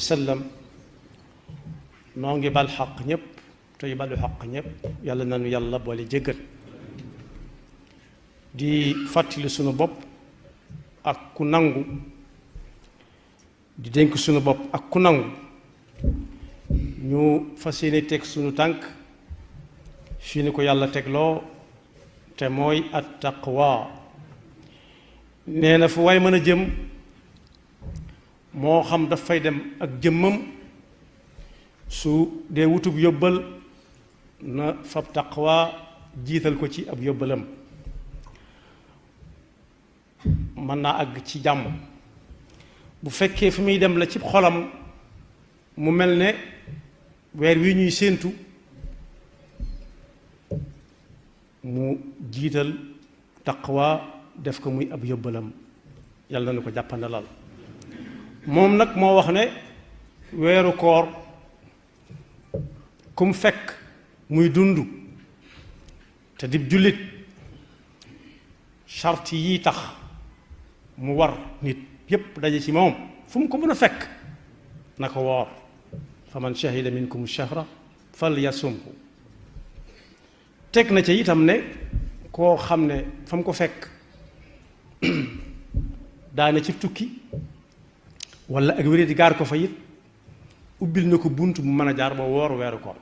wasallam noo ngi bal xaq ñëpp tey balu xaq ñëpp yàlla nanu yàlla boole jéggal di fàttali sunu bopp ak ku nangu di dénk sunu bopp ak ku nangu ñu fas yéene teg sunu tànk fii ni ko yàlla tegloo te mooy at taqwa nee na fu waay mën a jëm moo xam daf fay dem ak jëmmam su dee wutub yóbbal na fab taqwa jiital ko ci ab yóbbalam mën naa àgg ci jàmm bu fekkee fi muy dem la ci xolam mu mel ne weer wi ñuy séentu mu jiital taqwa def ko muy ab yóbbalam yàlla na ko jàppandalal moom nag moo wax ne weeru koor kum fekk muy dund te dib jullit charte yii tax mu war nit yépp daje ci moom fu mu ko mën a fekk na ko woor fa man shahida minkum shahra fal yasumhu teg na ca itam ne koo xam ne fa mu ko fekk daane ci tukki wala ak wérédi gaar ko fa it ubbil na ko bunt bu mën a jaar ba woor weeru koor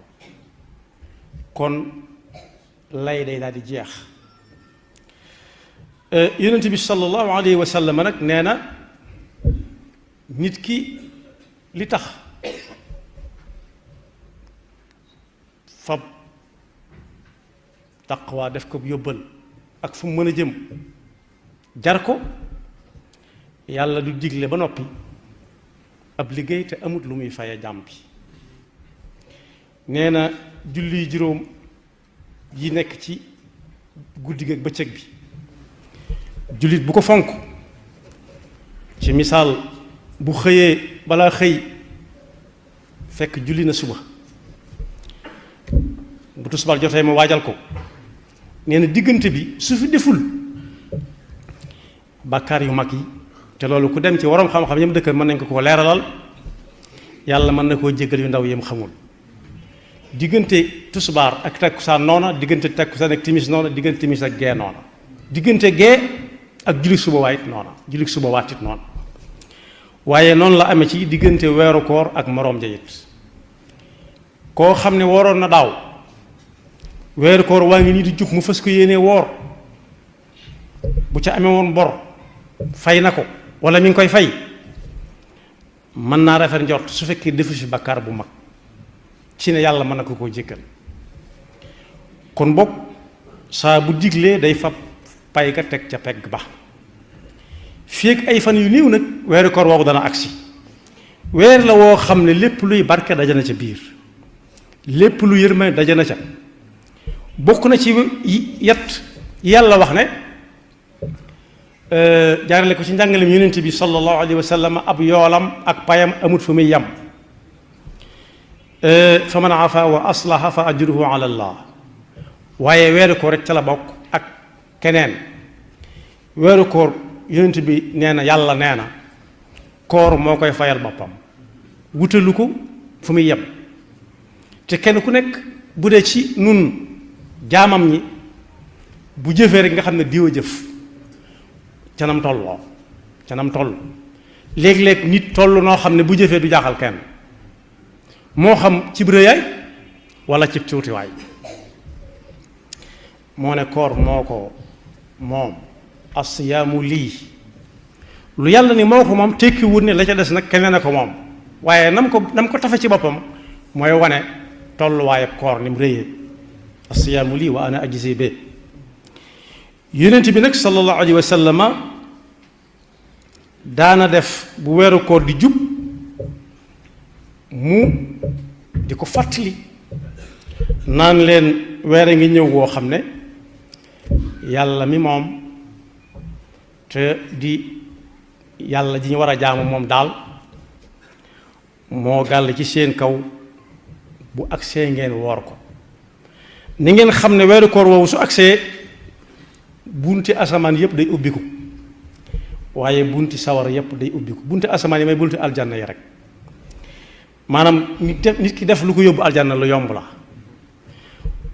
kon lay day daal di jeex yonent bi sallallahu alayhi wa sallam nag nee na nit ki li tax fa taqwa def ko yóbbal ak fu mu mën a jëm jar ko yàlla du digle ba noppi ab liggéey te amut lu muy faye jàmm bi nee na julli juróom yi nekk ci guddi gi ak bëccëg bi jullit bu ko fonk ci misaal bu xëyee balaa xëy fekk julli na bu tusbaar jotee ma waajal ko nee na bi su fi deful bàkkaar yu te lolou ku dem ci worom xam-xam ñam dëkk mën nañ ko ko léralal yàlla mën na jéggal yu ndaw yëm xamul digënté tusbaar ak takkusaan noona diggante takkusaan ak timis nona digënté timis ak gé nona digënté gé ak julik suba wayit nona julik suba watit noona waye non la amé ci digënté wéru koor ak morom jëyit ko xamné woro na daw wéru koor waa ngi di juk mu fess ko yéné wor bu ca amé won bor fay nako ko wala mi ngi koy fay mën naa rafet njot su fekkee defu fi bakkaar bu mag ci ne yàlla mën na ko ko jéggal kon boog saa bu diglee day fab pay ga teg ca pegg ba fii ak ay fan yu néew nag weeru koor woowu dana agsi weer la woo xam ne lépp luy barke daja na ca biir lépp lu yërmande daja na ca bokk na ci yet yàlla wax ne jaarale ko ci njàngalem yonent bi sallallahu alayhi wa sallam ab yoolam ak payam amut fu muy yam fa man afa wa aslaha fa ajruhu ala allah waaye weeru koor rek ca la bokk ak keneen weeru koor yonent bi nee na yàlla nee na koor moo koy fayal boppam wutalu ko fu muy yem te kenn ku nekk bu dee ci nun jaamam ñi bu jëfee rek nga xam ne diwa jëf cenam tolloo canam toll léeg-léeg nit toll noo xam ne bu jëfee du jaaxal kenn moo xam cib rëyaay wala cib tuutiwaay moo ne koor moo ko moom asiyaamu lii lu yàlla ni moo ko moom tekki wut ne la ca des nag keneen a ko moom waaye nam ko nam ko tafe ci boppam mooy wane tolluwaayab koor ni mu rëyee asiyaamu lii wa ana ajisi be yonent bi nag sallallahu alayhi wa daana def bu weeru koor di jub mu di ko fàttali naan leen weer a ngi ñëw woo xam ne yàlla mi moom te di yàlla ji ñu war a jaamu moom daal moo gàll ci seen kaw bu agsee ngeen woor ko ni ngeen xam ne weeru koor woowu su agsee bunti asaman yep day ubbiku waye bunti sawar yep day ubbiku bunti asaman yi may bunti aljanna ya rek manam nit ki def lu ko yóbbu aljanna lu yomb la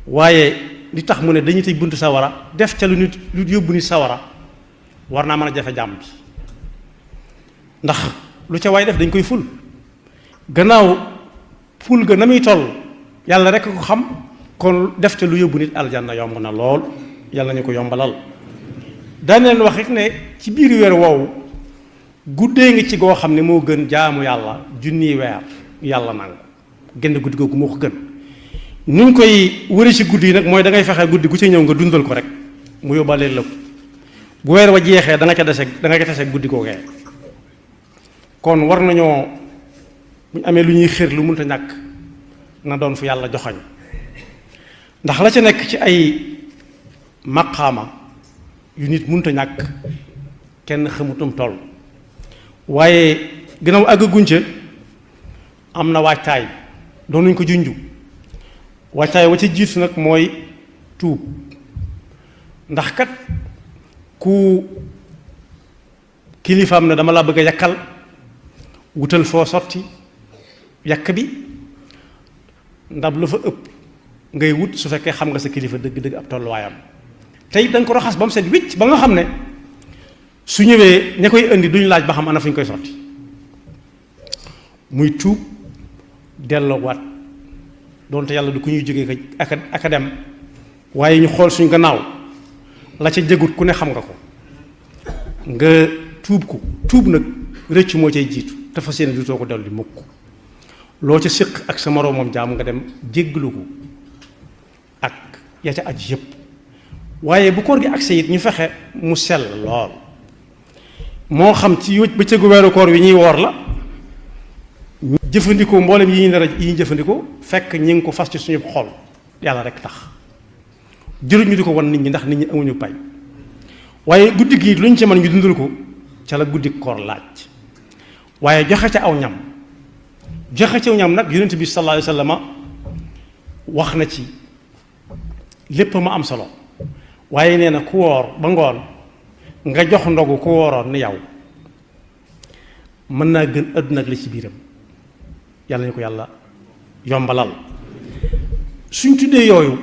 waye li tax mu ne dañu buntu sawara def ca lu nit lu yóbbu ni sawara warna mana jafé a bi ndax lu ca way def dañ koy ful gannaaw ful ga namuy toll yalla rek ko xam kon def ca lu yóbbu nit aljanna yomb na lol yàlla ñu ko yombalal daan leen wax rek ne ci biir weer woowu guddee nga ci goo xam ne moo gën jaamu yàlla junniy weer yàlla nangu genn guddi ko moo ko gën ni ñu koy wëri ci guddi yi nag mooy da ngay fexe guddi gu ci ñëw nga dundal ko rek mu yóbbaale lépp bu wa jeexee da ca dese da nga ca dese guddi googee kon war nañoo bu ñu amee lu ñuy xër lu mënta ñàkk na doon fu yàlla joxañ ndax la ca nekk ci ay maqaama yu nit mënut ñàkk kenn xamutum toll waaye gannaaw àggaguñ ca am na waajtaay doon nañ ko junju waajtaay wa ca jiitu nag mooy tuub ndax kat ku kilifaam ne dama laa bëgg a yàkkal wutal foo sotti yàkk bi ndab lu fa ëpp ngay wut su fekkee xam nga sa kilifa dëgg-dëgg ab tolluwaayam tey dañ ko raxas ba mu set wicc ba nga xam ne su ñëwee ña koy indi duñu laaj ba xam ana fu ñu koy sotti muy tuub delloowaat doonte yàlla du ku ñuy jógee ak ak dem waaye ñu xool suñ gannaaw la ca jëgut ku ne xam nga ko nga tuub ko tuub nag rëcc moo cay jiitu dafa fas yéene ko dellu di mukk loo ca séq ak sa moroomam jaam nga dem jégglu ko ak ya ca aj yépp waaye bu koor gi agsee it ñu fexe mu sell lool moo xam ci bëccëgu weeru koor wi ñuy woor la jëfandikoo mboolem yi ñu dara yi ñu jëfandikoo fekk ñi ngi ko fas ci suñu xol yàlla rek tax jëru ñu di ko wan nit ñi ndax nit ñi amuñu pay waaye guddi gi lu ñu ci mën ñu dundal ko ca la guddi koor laaj waaye joxe ca aw ñam joxe ca aw ñam nag yonent bi sallallahu alayhi wa wax na ci lépp ma am solo waaye nee na ku woor ba ngoon nga jox ndogu ku wooroon ni yow mën naa gën àdduna ak li ci biiram yàlla ñu ko yàlla yombalal suñ tuddee yooyu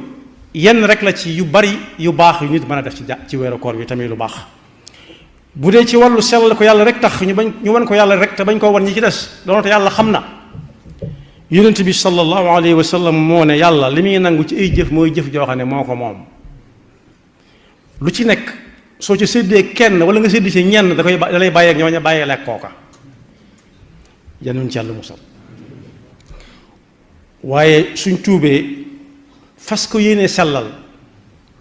yenn rek la ci yu bari yu baax yu nit mën a def ci ja ci weeru koor bi tamit lu baax bu dee ci wàllu sell ko yàlla rek tax ñu bañ ñu wan ko yàlla rek te bañ koo wan ñi ci des doonate yàlla xam na yonent bi sallallahu alayhi wa sallam moo ne yàlla li muy nangu ci ay jëf mooy jëf joo xam ne moo ko moom lu ci nek so ci séddee kenn wala nga sédd ci ñenn da koy da lay baye ak ñoña baye lek koka yanun ci Allah musal waye suñ tuubé fas ko yéene sellal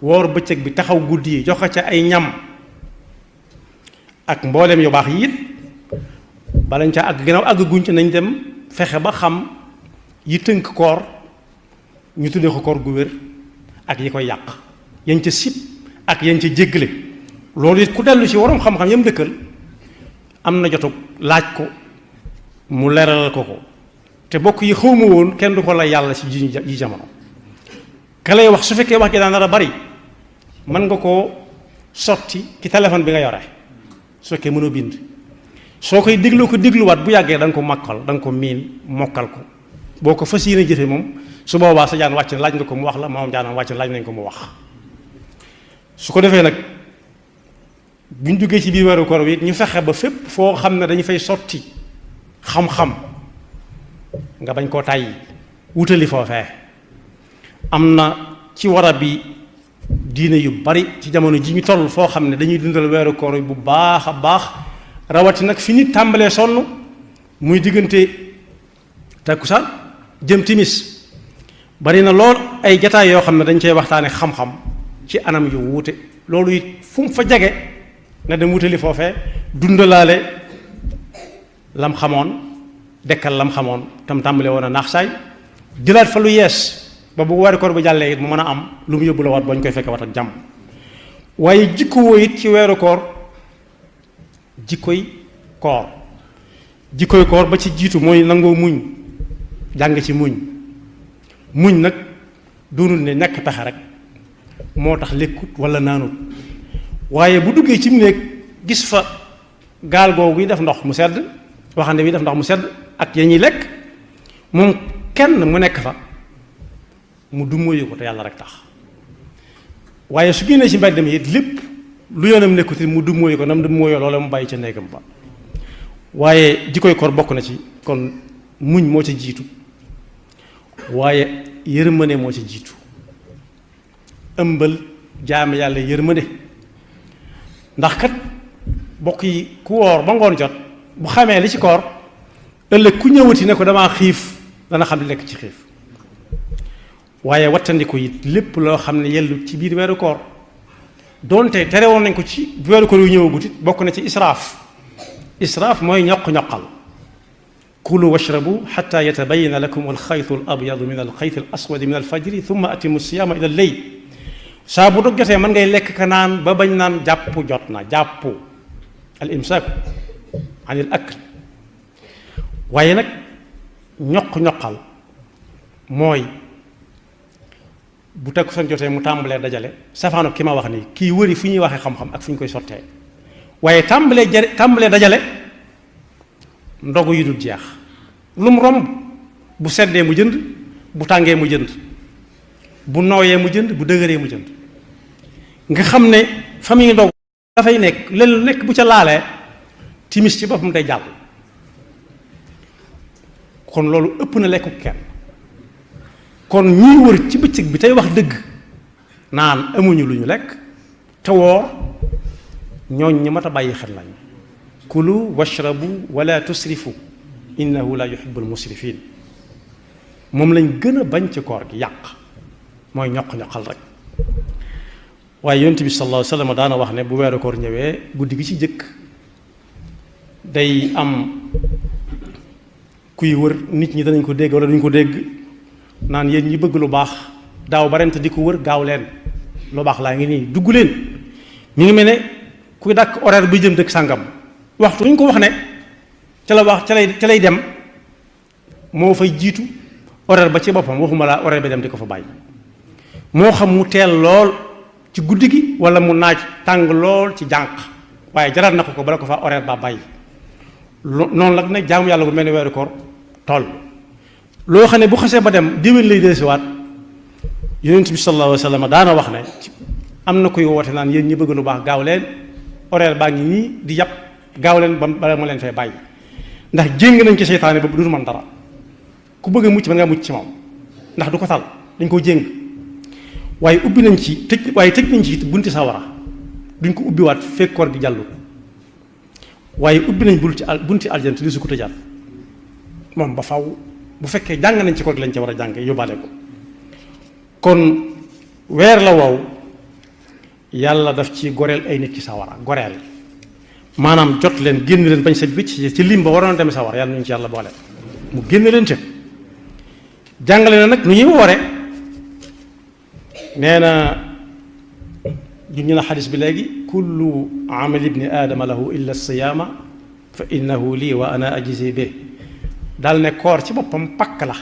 wor bëccëg bi taxaw guddii joxa ca ay ñam ak mboolem yu bax yi it ca ag gannaaw ag guñ ci nañ dem fexé ba xam yi teunk koor ñu tuddé ko koor gu wër ak yi koy yaq yañ ca sip ak yan ci jéggale loolu it ku dellu ci waroom xam-xam yam dëkkal am na jotug laaj ko mu leeral ko ko te bokk yi ma woon kenn du ko la yàlla ci ji ji jamono ka lay wax su fekkee wax ji daan dara bari mën nga koo sotti ci téléphone bi nga yore su fekkee mënoo bind soo koy déglu ko dégluwaat bu yàggee da nga ko makkal danga nga ko miin mokkal ko boo ko fas yéene jëfe moom su boobaa sa jaan wàcc na laaj nga ko mu wax la moom jaanam wàcc na laaj nañ ko mu wax su ko defee nag buñ duggee ci biir weeru koor wi ñu fexe ba fépp foo xam ne dañu fay sotti xam-xam nga bañ koo tàyyi wutali foofee am na ci warab bi diine yu bari ci jamono ji ñu toll foo xam ne dañuy dundal weeru koor wi bu baax a baax rawati nag fi nit tàmbalee sonn muy diggante takkusaan jëm timis bari na lool ay jataay yoo xam ne dañ cey waxtaane xam-xam ci anam yu wuute loolu it fu fa jege na dem wutali foofee dundalaale lam xamoon dekkal lam xamoon tam tàmbale woon a naax saay jëlaat fa lu yees ba bu weeru koor bu jàllee it mu mën a am lu mu yóbbu la waat ba ñu koy fekkee wat ak jàmm waaye jikko it ci weeru koor jikkoy koor jikkoy koor ba ci jiitu mooy nangoo muñ jàng ci muñ muñ nag doonul ne ñàkk pexe rek moo tax lekkut walla naanut waaye bu duggee ci mu néeg gis fa gaal googu yi def ndox mu sedd waxande bi def ndox mu sedd ak ya ñuy lekk moom kenn mu nekk fa mu dummóoyu ko te yàlla rek tax waaye su génnee ci mbedd mi it lépp lu yoonam nekkuti mu dummóoyu ko nam dummóoyoo loola mu bàyyi ca néegam ba waaye jikkoy koor bokk na ci kon muñ moo ca jiitu waaye ne moo ca jiitu ëmbal jaam yàlla yërmande ndax kat bokk yi ku woor ba ngoon jot bu xamee li ci koor ëllëg ku ñëwati ne ko damaa xiif dana xam li nekk ci xiif waaye wattandiku it lépp loo xam ne yellu ci biir weeru koor donte tere woon nañ ko ci weeru koor yu ñëwagut it bokk na ci israaf israaf mooy ñoq-ñoqal kulu washrabu xata yatabayana lakum alxaytu al abyadu min alxayt al aswadi min alfajri thumma atimu siyaama ila al leyl saa bu dog jotee mën ngay lekk ka naan ba bañ naan jàpp jot na jàpp al imsaak anil ak waaye nag ñoq-ñoqal mooy bu takkusaan jotee mu tàmbalee dajale safaanu ki ma wax nii kii wëri fu ñuy waxee xam-xam ak fu ñu koy sottee waaye tàmbalee jare dajale ndogu yi dul jeex lu romb bu seddee mu jënd bu tàngee mu jënd bu nooyee mu jënd bu dëgëree mu jënd nga xam ne fa muy dog dafay nekk lenn nekk bu ca laalee timis ci boppam day jàll kon loolu ëpp na lekku kenn kon ñuy wër ci bëccëg bi tey wax dëgg naan amuñu lu ñu lekk te woor ñooñ ñi mat a bàyyi xel lañ kulu washrabu wala tusrifu innahu la yuhibbul musrifin moom lañ gën a bañ ci koor gi yàq mooy ñoq-ñoqal rek waaye yoon bi sallallahu alayhi wasallam daana wax ne bu weeru koor ñëwee guddi gi ci jëkk day am kuy wër nit ñi danañ ko dégg wala duñ ko dégg naan yéen ñi bëgg lu baax daaw barent di ko wër gaaw leen lu baax laa ngi nii dugg leen mi ngi mel ne kuy dàkk horaire bu jëm dëkk sàngam waxtu ñu ko wax ne ca la wax ca lay ca lay dem moo fay jiitu horaire ba ci boppam waxuma laa horaire bi dem di ko fa bàyyi moo xam mu teel lool ci guddi gi wala mu naaj tàng lool ci jànq waaye jaral na ko ko bala ko fa horaire ba bàyyi noonu nag ne jaamu yàlla bu mel ni weeru koor tool loo xam ne bu xasee ba dem déwén lay deesiwaat yonent bi sallallahu alayhi sallam daana wax ne am na koy woote naan yéen ñi bëgg lu baax gaaw leen horaire baa ngi nii di gaaw leen ba bala ma leen fay bàyyi ndax jéng nañ ci seytaane ba dul man dara ku bëgg mucc ba nga mucc ci moom ndax du tal dañ ko jéng waaye ubbi nañ ci tëj waaye tëj nañ ci it bunti sawara duñ ko ubbiwaat fekk koor gi jàllu waaye ubbi nañ bul ci bunti aljana te di su ko moom ba faw bu fekkee jàng nañ ci koor gi lañ ci war a jàng yóbbaale ko kon weer la wow yàlla daf ci goreel ay nit ci sawara goreel maanaam jot leen génn leen bañ set bicc ci lim ba waroon a demee sawara yàlla ñu ci yàlla boole mu génn leen ca nu ñuy woore نانا جنينا حديث بلاقي كل عمل ابن آدم له إلا الصيام فإنه لي وأنا أجزي به دال نكور تي بوبام باك لا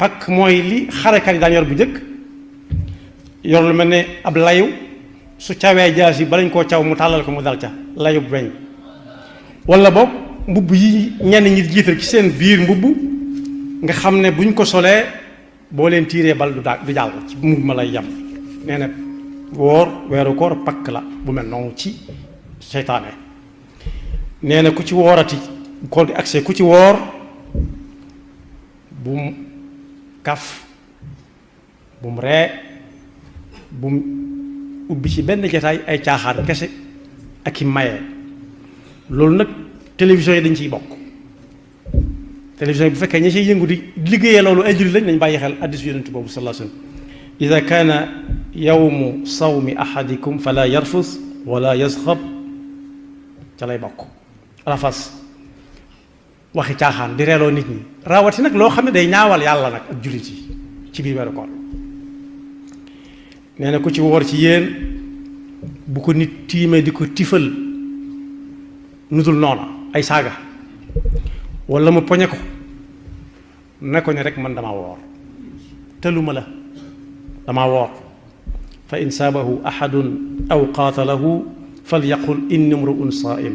باك موي لي خاركا دا نيور بو ديك يور لو ملني اب لايو سو تياوي جاسي با نكو تياو مو تالال كو مو دالتا لايو بن ولا بوب مبو يي نين ني جيتال كي سين بير مبو nga xamne buñ ko solé boo leen tiiree bal du daa du jàll ci mug ma lay yem nee na woor weeru koor pakk la bu mel noonu ci seytaane nee na ku ci woorati koor gi accès ku ci woor bum kaf bum ree bum ubbi ci benn jataay ay caaxaan kese ak i maye loolu nag télévision yi dañ ciy bokk télévision bi bu fekkee ña ciy yëngu di liggéeyee loolu ay jullit lañ nañ bàyyi xel addis yonent boobu sallallahu alayhi wasallam ida kaana yawmu sawmi ahadikum fala yarfus wala yasxab ca lay bokk rafas waxi caaxaan di reeloo nit ñi raawati nag loo xam ne day ñaawal yàlla nag ak jullit yi ci biir weeru koor nee na ku ci woor ci yéen bu ko nit tiimee di ko tifal nudul noona ay saaga wala mu poñe ko ne ko ne rek man dama wor teluma la dama wor fa in sabahu ahadun aw qatalahu falyaqul inni mru'un sa'im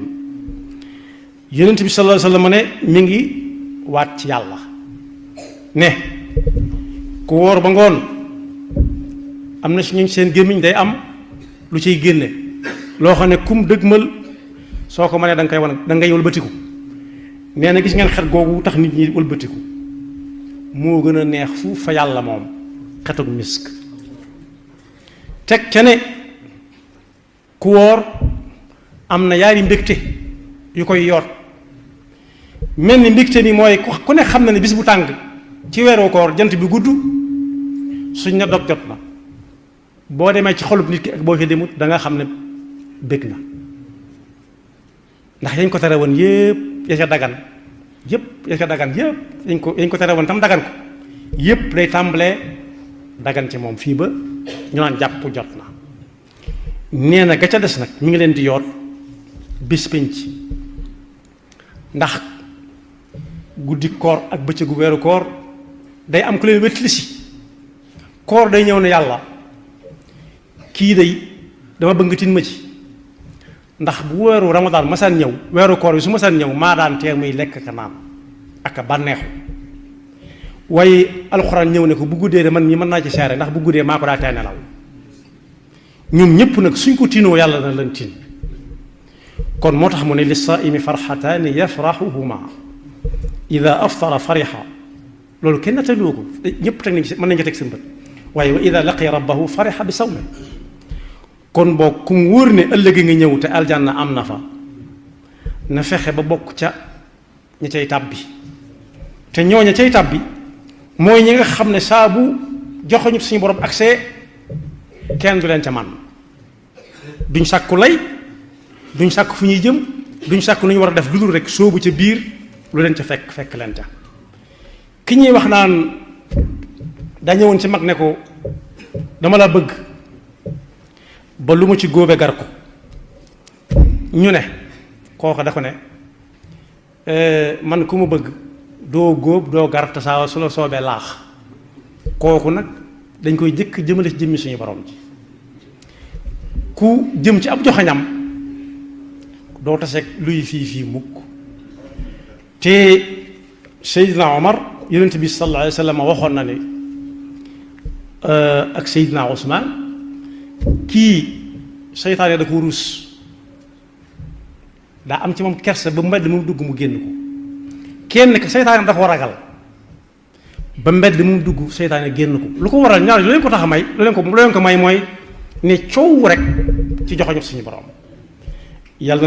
yonent bi sallallahu alayhi wasallam ne mi ngi wat ci yalla ne ko wor ba ngon am ci ñun seen gemiñ day am lu ciy lo xone kum deugmal soko mané dang kay nga dang wan wul ngay neena gis ngeen xet gogou tax nit ñi wëlbatiku mo gëna neex fu fa yàlla mom xetug misk tek ca ne ku wóor am yaari mbekté yu koy yor melni mbekté ni moy ku ne xamna ni bis bu tàng ci wéro koor jant bi guddu suñ na dog jot na bo démé ci xolub nit ki ak bo fi demut da nga xamne ne na ndax yañ ko tara won yépp ya ca dagan yep ya ca dagan yep yañ ko yañ ko tere won tam dagan ko yep lay tàmbalee dagan ci mom fi ba ñu naan japp jotna na ga ca dess nak mi ngi leen di yor bis pinch ndax guddi koor ak gu wéru koor day am ku leen wétli si koor day ñëw na yalla ki day dama bëgg tin ma ci ndax bu wéru ramadan ma masaan ñëw wéru koor bi su ma masaan ñëw ma daan tee muy lekk ka naan ak a bànneexu waaye alxuraan ñëw ne ko bu guddee de man ñi man na ci seere ndax bu guddee maa ko daa tee nelaw ñun ñëpp nak suñ ko tino yàlla na lañ tin kon motax tax mu ne li saaimi farxataani yafraxuhuma ida aftara farixa loolu kenn nattaloo ko ñëpp tek nañ mën nañ ko teg seen bët waaye wa ida laqiya rabbahu farha bi sawmin kon boo ku wóor ne ëllëg nga ñëw te aljanna am na fa na fexe ba bokk ca ña cay tàbbi te ñooña cay tàbbi mooy ñi nga xam ne saabu bu joxoñu suñu borom accès kenn du leen ca man duñ sàkku lay duñ sàkk fu ñuy jëm duñ sàkk lu war a def lu dul rek soobu ca biir lu leen ca fekk fekk leen ca ki ñuy wax naan daa ñëwoon ci mag ne ko dama la bëgg ba lu mu ci góobe gar ko ñu ne kooka da ko ne eh, man ku mu bëgg doo góob doo gar te saa su la soobee laax kooku nag dañ koy jëkk jëmale ci jëmmi suñu borom ji ku jëm ci ab joxañam doo taseeg luy fii fii mukk te Seydina Omar yonent bi sallallahu alayhi wa sallam waxoon na ni eh, ak Seydina Ousmane kii seytaane da ko ruus daa am ci moom kersa ba mbedd mu dugg mu génn ko kenn ka seytaane dafa ragal ba mbedd mu dugg seytaane génn ko lu ko waral ñaar lu leen ko tax a may lu leen ko lu leen ko may mooy ne coow rek ci joxoñu suñu borom yàlla